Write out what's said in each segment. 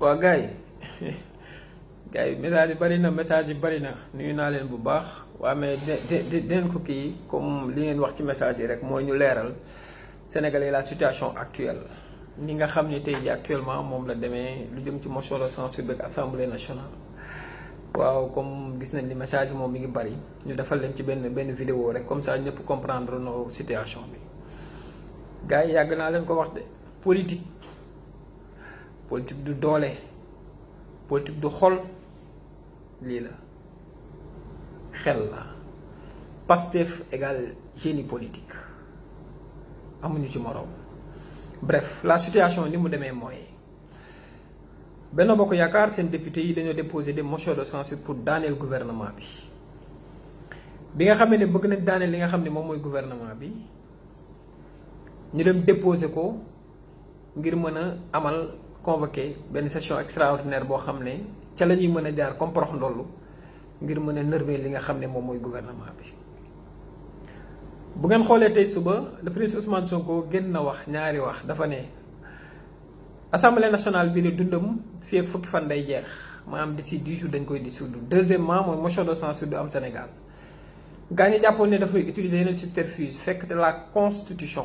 wa gay gay message bari na message bari na nuyu na len bu baax wa mais de den ko ki comme li ngeen wax ci message yi rek mooy ñu leral sénégalais la situation actuelle ni nga xamni tay actuellement mom la demee lu jëm ci motion de censure bi assemblée nationale waaw comme gis nañ li message mom mi ngi bari ñu defal leen ci benn benn vidéo rek comme ça ñëpp comprendre no situation bi gars yi yàgg naa leen ko wax de politique politique du doole politique du xol lii la xel la Pastef égal génie politique amuñu ci morom bref la situation ni mu demee mooy benn Bokk Yaakaar seen député yi dañoo déposé des motions de censure pour daaneel gouvernement bi bi nga xam ne bëgg nañ daaneel li nga xam ne moom mooy gouvernement bi ñu dem déposé ko ngir mën a amal convoqué ben session extraordinaire bo xamné ci lañuy mëna jaar comme prox ndollu ngir mëna a li nga xamné mom moy gouvernement bi. bu ngeen xolé tay suba le prince Ousmane Sonko genn na wax ñaari wax dafa né assemblée nationale bi ni dundum fi ak fukki fan day jeex ma am d'ici 10 jours dañ koy dissoudre deuxièmement moy motion de censure du am Sénégal. gañu ñi jàppoon ne utiliser une subterfuge fekk la constitution.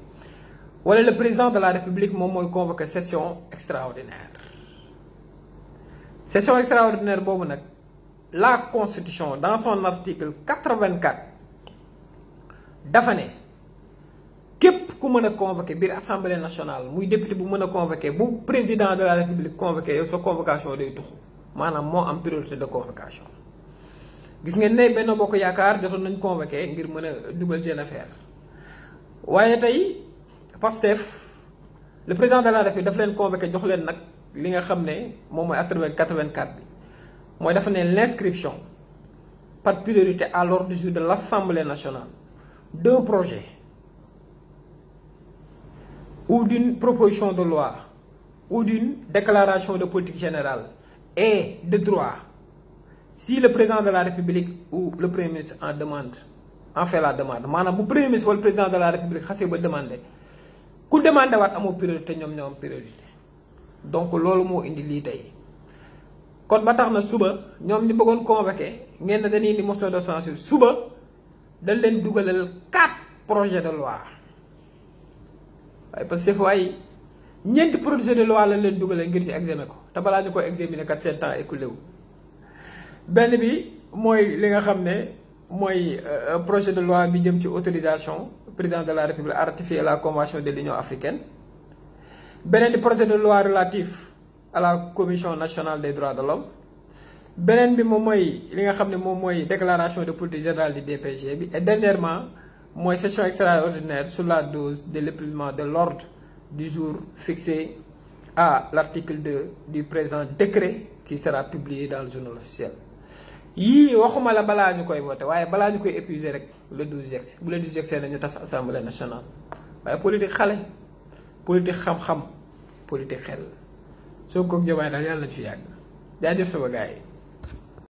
wala le président de la république qui convoque convoqué session extraordinaire session extraordinaire la constitution dans son article 84... d'Afané, ...qui dafa ne képp l'Assemblée convoqué assemblée nationale le député bu mën a convoqué président de la république convoqué yow sa convocation day je suis moo am priorité de convocation gis ngeen ne Benno Bokk Yaakaar jotoon nañ convoquer, ngir mën a dugal seen affaire waaye tey. Pastef le président de la République a fait convoqué jox leen 84 l'inscription par priorité à l'ordre du jour de l'Assemblée nationale d'un projet ou d'une proposition de loi ou d'une déclaration de politique générale et de droit si le président de la République ou le premier ministre en demande en fait la demande le bu premier ministre le président de la République xasse ba demander ku demandé waat amoo priorité ñoom ñoo am priorité donc loolu moo indi lii tey kon ba tax na suba ñoom ñu bëggoon convoqué ngeen ne dañuy indi motion de censure suba dañ leen dugalal quatre projet de loi waaye parce que ay ñeenti projet de loi lañ leen dugalee ngir ñu examiner ko te balaa ñu koy examiner kat seen temps écoulé wu benn bi mooy li nga xam ne mooy euh, projet de loi bi jëm ci autorisation président de la République a ratifié la Convention de l'Union africaine beneen projet de loi relatif à la Commission nationale des droits de l'homme beneen déclaration de politique générale du DPG et dernièrement mooy session extraordinaire sur la dose de l'épuisement de l'ordre du jour fixé à l'article 2 du présent décret qui sera publié dans le journal officiel yii waxuma la balaa ñu koy woote waaye balaa ñu koy épuisé rek le 12 jeex bu le 12 jeex na ñu tas assemblée nationale waaye politique xale politique xam-xam politique xel soo ko jomaay daal yàlla nañ fi yàgg jaajëf sama yi